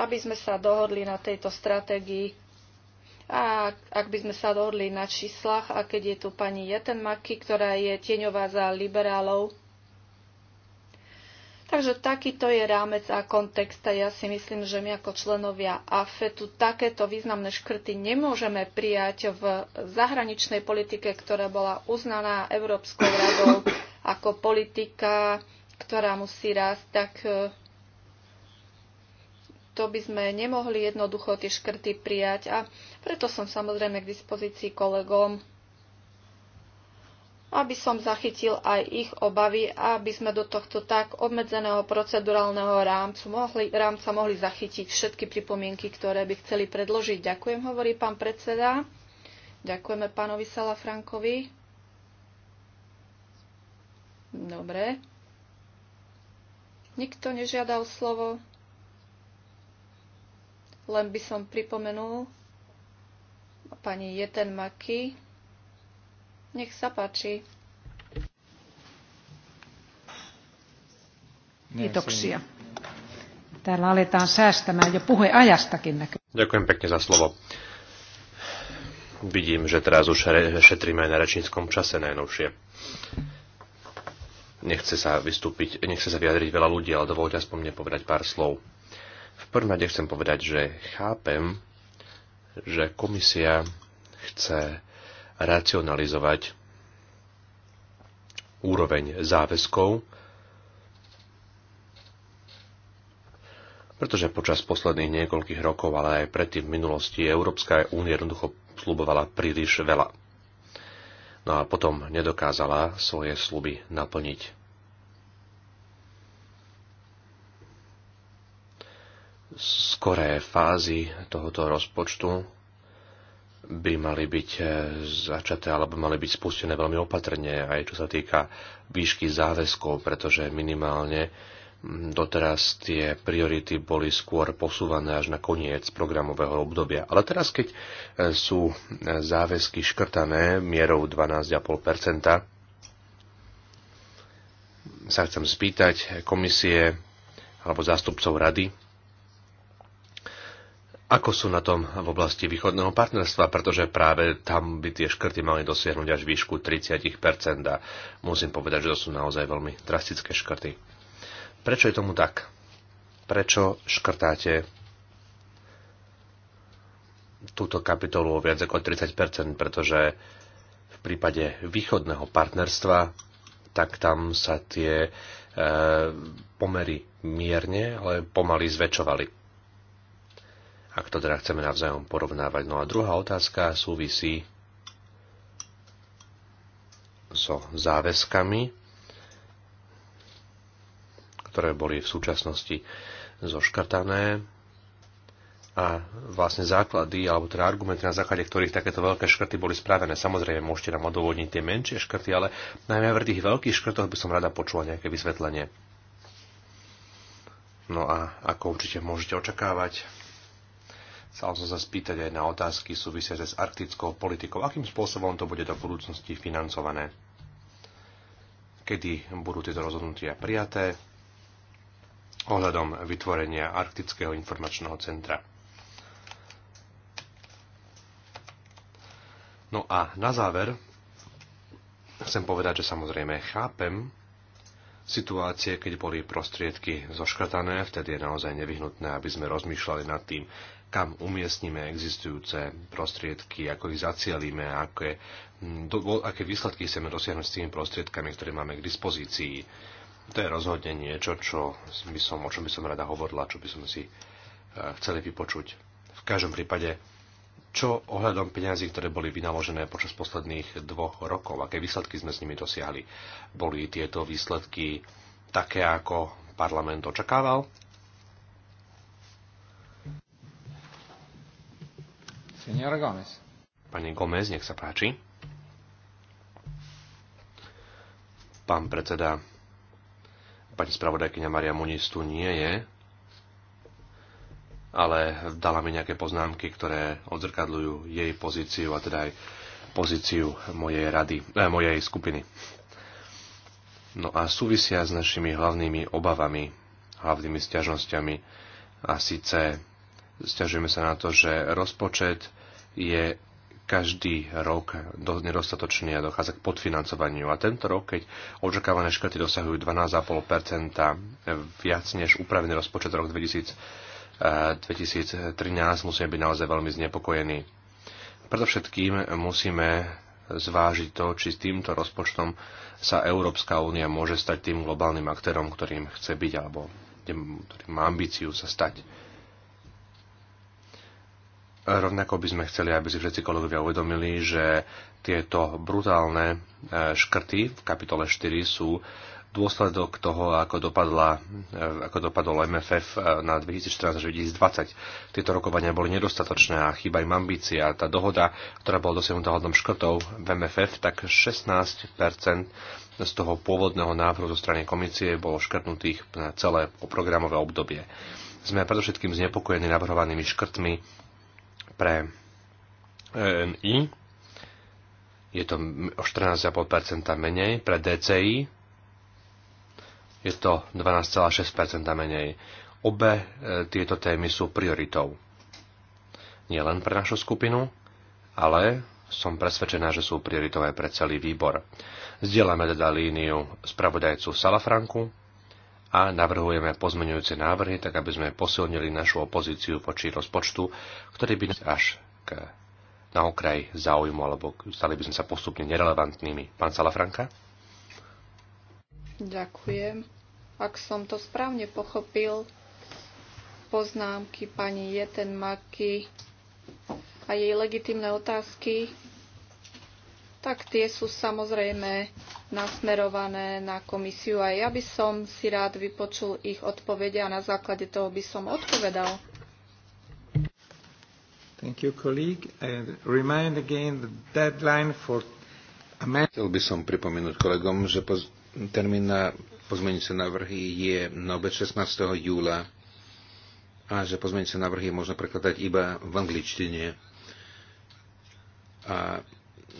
aby sme sa dohodli na tejto stratégii a ak by sme sa dohodli na číslach, a keď je tu pani Jetenmaki, ktorá je tieňová za liberálov, Takže takýto je rámec a kontext a ja si myslím, že my ako členovia AFETu takéto významné škrty nemôžeme prijať v zahraničnej politike, ktorá bola uznaná Európskou radou ako politika, ktorá musí rásť, tak to by sme nemohli jednoducho tie škrty prijať a preto som samozrejme k dispozícii kolegom, aby som zachytil aj ich obavy, aby sme do tohto tak obmedzeného procedurálneho rámcu mohli, rámca mohli zachytiť všetky pripomienky, ktoré by chceli predložiť. Ďakujem, hovorí pán predseda. Ďakujeme pánovi Salafrankovi. Dobre. Nikto nežiadal slovo. Len by som pripomenul pani Jeten Maki. Nech sa páči. Kiitoksia. Täällä aletaan säästämään jo puheajastakin näkyy. Ďakujem pekne za slovo. Vidím, že teraz už šetríme aj na rečníckom čase najnovšie. Nechce sa vystúpiť, nechce sa vyjadriť veľa ľudí, ale dovolte aspoň mne povedať pár slov. V prvom rade chcem povedať, že chápem, že komisia chce racionalizovať úroveň záväzkov, pretože počas posledných niekoľkých rokov, ale aj predtým v minulosti, Európska únia jednoducho slubovala príliš veľa. No a potom nedokázala svoje sluby naplniť. skoré fázy tohoto rozpočtu by mali byť eh, začaté alebo mali byť spustené veľmi opatrne, aj čo sa týka výšky záväzkov, pretože minimálne hm, doteraz tie priority boli skôr posúvané až na koniec programového obdobia. Ale teraz, keď eh, sú eh, záväzky škrtané mierou 12,5%, sa chcem spýtať komisie alebo zástupcov rady, ako sú na tom v oblasti východného partnerstva, pretože práve tam by tie škrty mali dosiahnuť až výšku 30 a musím povedať, že to sú naozaj veľmi drastické škrty. Prečo je tomu tak? Prečo škrtáte túto kapitolu o viac ako 30 pretože v prípade východného partnerstva tak tam sa tie e, pomery mierne, ale pomaly zväčšovali ak to teda chceme navzájom porovnávať. No a druhá otázka súvisí so záväzkami, ktoré boli v súčasnosti zoškrtané a vlastne základy, alebo teda argumenty, na základe ktorých takéto veľké škrty boli spravené. Samozrejme, môžete nám odôvodniť tie menšie škrty, ale najmä v tých veľkých škrtoch by som rada počula nejaké vysvetlenie. No a ako určite môžete očakávať, Chcel som sa spýtať aj na otázky súvisiace s arktickou politikou. Akým spôsobom to bude do budúcnosti financované? Kedy budú tieto rozhodnutia prijaté? Ohľadom vytvorenia Arktického informačného centra. No a na záver chcem povedať, že samozrejme chápem, situácie, keď boli prostriedky zoškrtané, vtedy je naozaj nevyhnutné, aby sme rozmýšľali nad tým, kam umiestnime existujúce prostriedky, ako ich zacielíme, aké, do, aké výsledky chceme dosiahnuť s tými prostriedkami, ktoré máme k dispozícii. To je rozhodne niečo, čo by som, o čom by som rada hovorila, čo by sme si eh, chceli vypočuť. V každom prípade čo ohľadom peňazí, ktoré boli vynaložené počas posledných dvoch rokov, aké výsledky sme s nimi dosiahli. Boli tieto výsledky také, ako parlament očakával? Senora Gomez. Pani Gomez, nech sa páči. Pán predseda, pani spravodajkyňa Maria Muniz tu nie je, ale dala mi nejaké poznámky, ktoré odzrkadľujú jej pozíciu a teda aj pozíciu mojej rady, eh, mojej skupiny. No a súvisia s našimi hlavnými obavami, hlavnými stiažnosťami a síce stiažujeme sa na to, že rozpočet je každý rok nedostatočný a dochádza k podfinancovaniu. A tento rok, keď očakávané škrty dosahujú 12,5% viac než upravený rozpočet rok 2000, 2013, musíme byť naozaj veľmi znepokojení. Predovšetkým musíme zvážiť to, či s týmto rozpočtom sa Európska únia môže stať tým globálnym aktérom, ktorým chce byť alebo ktorým má ambíciu sa stať. Rovnako by sme chceli, aby si všetci kolegovia uvedomili, že tieto brutálne e, škrty v kapitole 4 sú dôsledok toho, ako, dopadla, eh, ako dopadol MFF eh, na 2014-2020. Tieto rokovania boli nedostatočné a chýba im ambícia. Tá dohoda, ktorá bola dosiahnutá hodnom škrtov v MFF, tak 16 z toho pôvodného návrhu zo strany komisie bolo škrtnutých na celé programové obdobie. Sme predovšetkým znepokojení navrhovanými škrtmi pre ENI, eh, je to o 14,5% menej, pre DCI je to 12,6 menej. Obe e, tieto témy sú prioritou. Nie len pre našu skupinu, ale som presvedčená, že sú prioritové pre celý výbor. Zdieľame teda líniu spravodajcu Salafranku a navrhujeme pozmeňujúce návrhy, tak aby sme posilnili našu opozíciu voči rozpočtu, ktorý by až k, na okraj záujmu, alebo stali by sme sa postupne nerelevantnými. Pán Salafranka? Ďakujem. Ak som to správne pochopil, poznámky pani Jeten Maky a jej legitimné otázky, tak tie sú samozrejme nasmerované na komisiu a ja by som si rád vypočul ich odpovede a na základe toho by som odpovedal. Thank you, colleague. remind again the deadline for Chcel by som pripomenúť kolegom, že poz- Termín na pozmeňujúce návrhy je na obec 16. júla a že pozmeňujúce návrhy možno prekladať iba v angličtine. A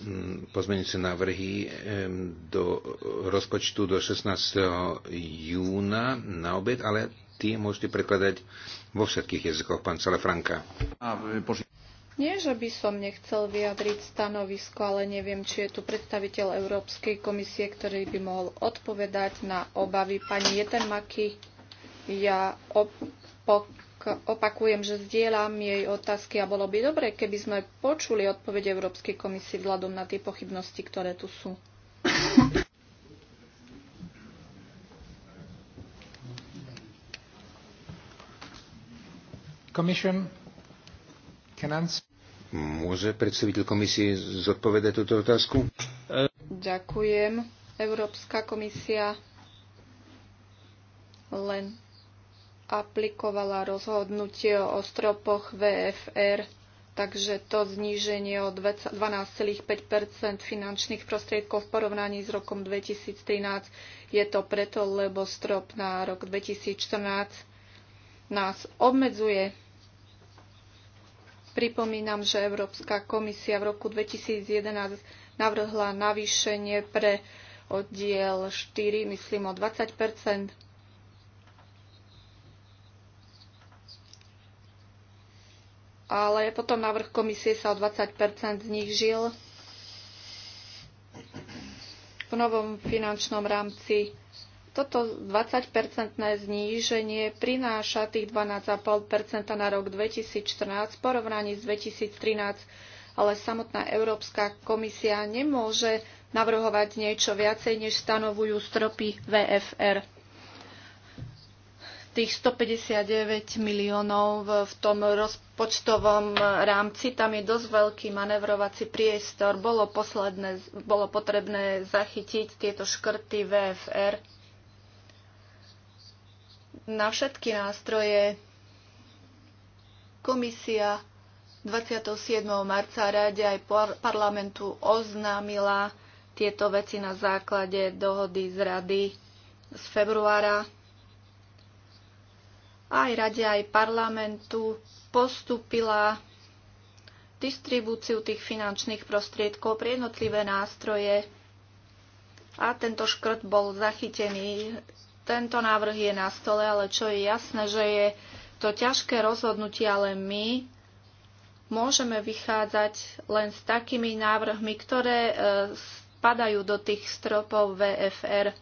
mm, pozmeňujúce návrhy do rozpočtu do 16. júna na obed, ale tie môžete prekladať vo všetkých jazykoch, pán Salafranka. Nie, že by som nechcel vyjadriť stanovisko, ale neviem, či je tu predstaviteľ Európskej komisie, ktorý by mohol odpovedať na obavy pani Jetermaky. Ja opok, opakujem, že zdieľam jej otázky a bolo by dobre, keby sme počuli odpovede Európskej komisie vzhľadom na tie pochybnosti, ktoré tu sú. Commission Môže predstaviteľ komisie zodpovedať túto otázku? Ďakujem. Európska komisia len aplikovala rozhodnutie o stropoch VFR, takže to zníženie o 12,5 finančných prostriedkov v porovnaní s rokom 2013 je to preto, lebo strop na rok 2014 nás obmedzuje Pripomínam, že Európska komisia v roku 2011 navrhla navýšenie pre oddiel 4, myslím o 20 ale potom návrh komisie sa o 20 znížil. V novom finančnom rámci toto 20-percentné zníženie prináša tých 12,5 na rok 2014 v porovnaní s 2013, ale samotná Európska komisia nemôže navrhovať niečo viacej, než stanovujú stropy VFR. Tých 159 miliónov v tom rozpočtovom rámci, tam je dosť veľký manevrovací priestor. Bolo, posledné, bolo potrebné zachytiť tieto škrty VFR na všetky nástroje. Komisia 27. marca Rade aj parlamentu oznámila tieto veci na základe dohody z Rady z februára. Aj Rade aj parlamentu postupila distribúciu tých finančných prostriedkov pre jednotlivé nástroje a tento škrt bol zachytený tento návrh je na stole, ale čo je jasné, že je to ťažké rozhodnutie, ale my môžeme vychádzať len s takými návrhmi, ktoré e, spadajú do tých stropov VFR.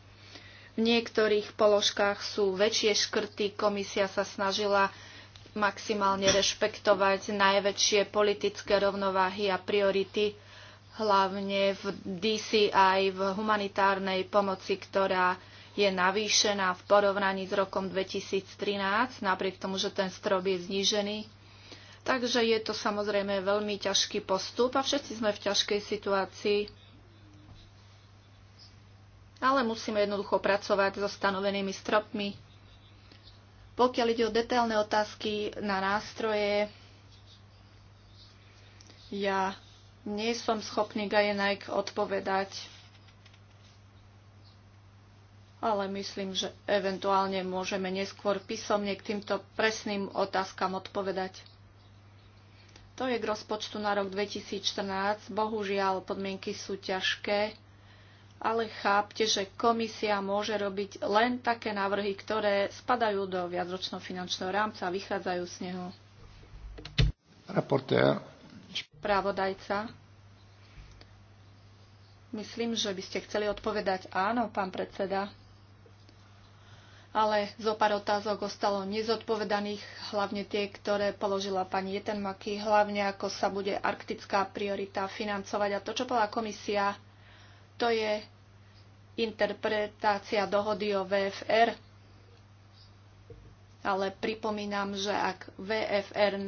V niektorých položkách sú väčšie škrty, komisia sa snažila maximálne rešpektovať najväčšie politické rovnováhy a priority, hlavne v DCI aj v humanitárnej pomoci, ktorá je navýšená v porovnaní s rokom 2013, napriek tomu, že ten strop je znížený. Takže je to samozrejme veľmi ťažký postup a všetci sme v ťažkej situácii. Ale musíme jednoducho pracovať so stanovenými stropmi. Pokiaľ ide o detailné otázky na nástroje, ja nie som schopný Gajenajk odpovedať ale myslím, že eventuálne môžeme neskôr písomne k týmto presným otázkam odpovedať. To je k rozpočtu na rok 2014. Bohužiaľ, podmienky sú ťažké, ale chápte, že komisia môže robiť len také návrhy, ktoré spadajú do viacročno finančného rámca a vychádzajú z neho. Raportér. Právodajca. Myslím, že by ste chceli odpovedať áno, pán predseda ale zo pár otázok ostalo nezodpovedaných, hlavne tie, ktoré položila pani Jetenmaky, hlavne ako sa bude arktická priorita financovať. A to, čo povedala komisia, to je interpretácia dohody o VFR. Ale pripomínam, že ak VFR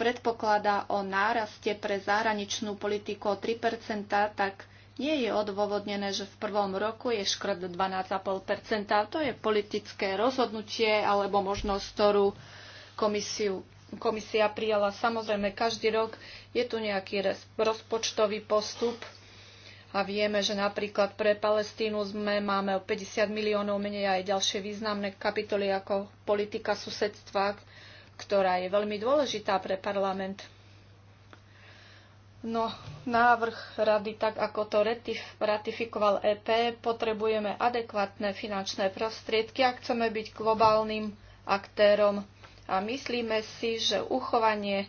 predpokladá o náraste pre zahraničnú politiku o 3 tak nie je odôvodnené, že v prvom roku je škrt 12,5%. To je politické rozhodnutie alebo možnosť, ktorú komisiu, komisia prijala. Samozrejme, každý rok je tu nejaký rozpočtový postup a vieme, že napríklad pre Palestínu sme, máme o 50 miliónov menej aj ďalšie významné kapitoly ako politika susedstva, ktorá je veľmi dôležitá pre parlament. No, návrh rady, tak ako to ratifikoval EP, potrebujeme adekvátne finančné prostriedky a chceme byť globálnym aktérom. A myslíme si, že uchovanie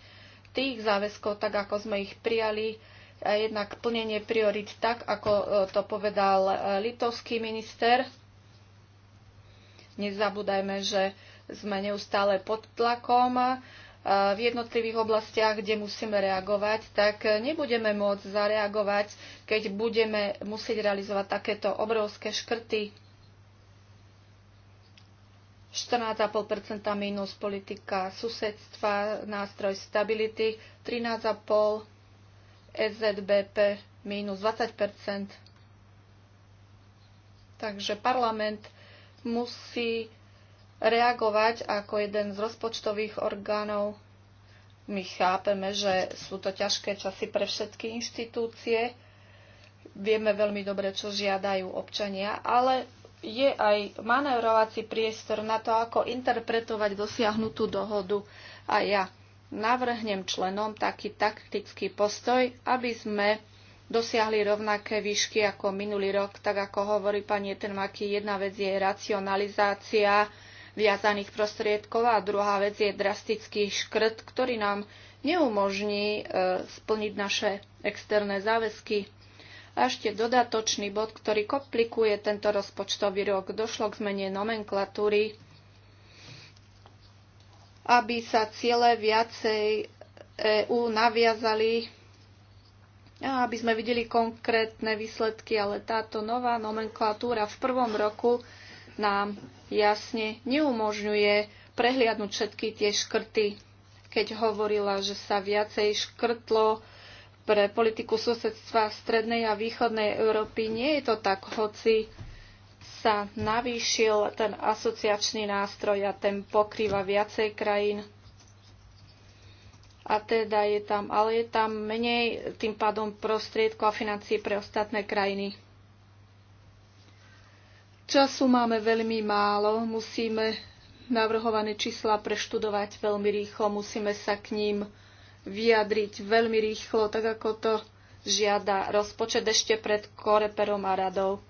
tých záväzkov, tak ako sme ich prijali, a jednak plnenie priorit tak, ako e, to povedal e, litovský minister. Nezabúdajme, že sme neustále pod tlakom v jednotlivých oblastiach, kde musíme reagovať, tak nebudeme môcť zareagovať, keď budeme musieť realizovať takéto obrovské škrty. 14,5 minus politika susedstva, nástroj stability, 13,5 SZBP minus 20 Takže parlament musí reagovať ako jeden z rozpočtových orgánov. My chápeme, že sú to ťažké časy pre všetky inštitúcie. Vieme veľmi dobre, čo žiadajú občania, ale je aj manévrovací priestor na to, ako interpretovať dosiahnutú dohodu. A ja navrhnem členom taký taktický postoj, aby sme dosiahli rovnaké výšky ako minulý rok, tak ako hovorí pani Etenmaky, jedna vec je racionalizácia, viazaných prostriedkov a druhá vec je drastický škrt, ktorý nám neumožní e, splniť naše externé záväzky. A ešte dodatočný bod, ktorý komplikuje tento rozpočtový rok. Došlo k zmene nomenklatúry, aby sa ciele viacej EÚ naviazali a aby sme videli konkrétne výsledky, ale táto nová nomenklatúra v prvom roku nám jasne neumožňuje prehliadnúť všetky tie škrty, keď hovorila, že sa viacej škrtlo pre politiku susedstva strednej a východnej Európy. Nie je to tak, hoci sa navýšil ten asociačný nástroj a ten pokrýva viacej krajín. A teda je tam, ale je tam menej tým pádom prostriedkov a financií pre ostatné krajiny. Času máme veľmi málo, musíme navrhované čísla preštudovať veľmi rýchlo, musíme sa k ním vyjadriť veľmi rýchlo, tak ako to žiada rozpočet ešte pred Koreperom a radou.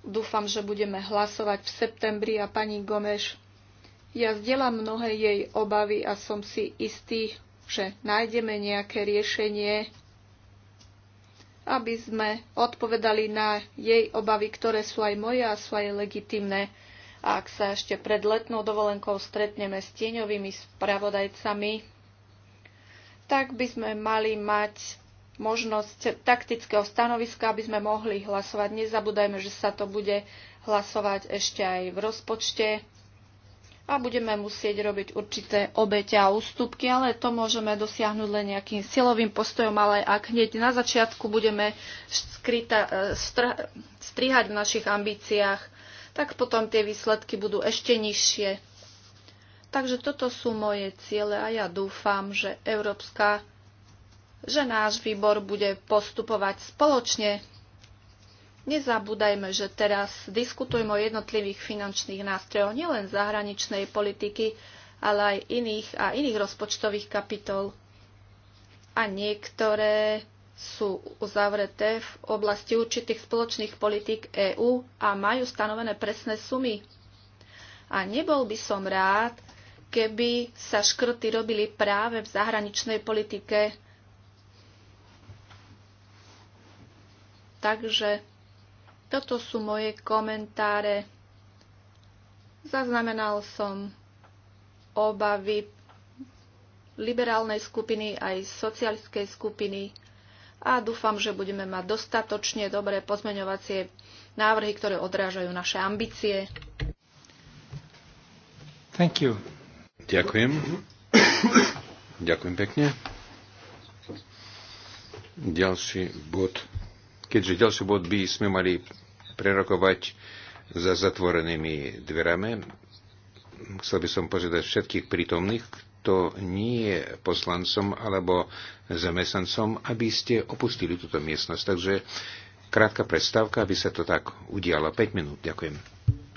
Dúfam, že budeme hlasovať v septembri a pani Gomeš, ja zdieľam mnohé jej obavy a som si istý, že nájdeme nejaké riešenie, aby sme odpovedali na jej obavy, ktoré sú aj moje a sú aj legitimné. A ak sa ešte pred letnou dovolenkou stretneme s tieňovými spravodajcami, tak by sme mali mať možnosť taktického stanoviska, aby sme mohli hlasovať. Nezabúdajme, že sa to bude hlasovať ešte aj v rozpočte a budeme musieť robiť určité obete a ústupky, ale to môžeme dosiahnuť len nejakým silovým postojom, ale ak hneď na začiatku budeme skryta, e, str- strihať v našich ambíciách, tak potom tie výsledky budú ešte nižšie. Takže toto sú moje ciele a ja dúfam, že Európska, že náš výbor bude postupovať spoločne Nezabúdajme, že teraz diskutujeme o jednotlivých finančných nástrojoch nielen zahraničnej politiky, ale aj iných a iných rozpočtových kapitol. A niektoré sú uzavreté v oblasti určitých spoločných politík EÚ a majú stanovené presné sumy. A nebol by som rád, keby sa škrty robili práve v zahraničnej politike. Takže toto sú moje komentáre. Zaznamenal som obavy liberálnej skupiny aj socialistskej skupiny a dúfam, že budeme mať dostatočne dobré pozmeňovacie návrhy, ktoré odrážajú naše ambície. Thank you. Ďakujem. Ďakujem pekne. Ďalší bod keďže ďalší bod by sme mali prerokovať za zatvorenými dverami. Chcel by som požiadať všetkých prítomných, kto nie je poslancom alebo zamestnancom, aby ste opustili túto miestnosť. Takže krátka predstavka, aby sa to tak udialo. 5 minút. Ďakujem.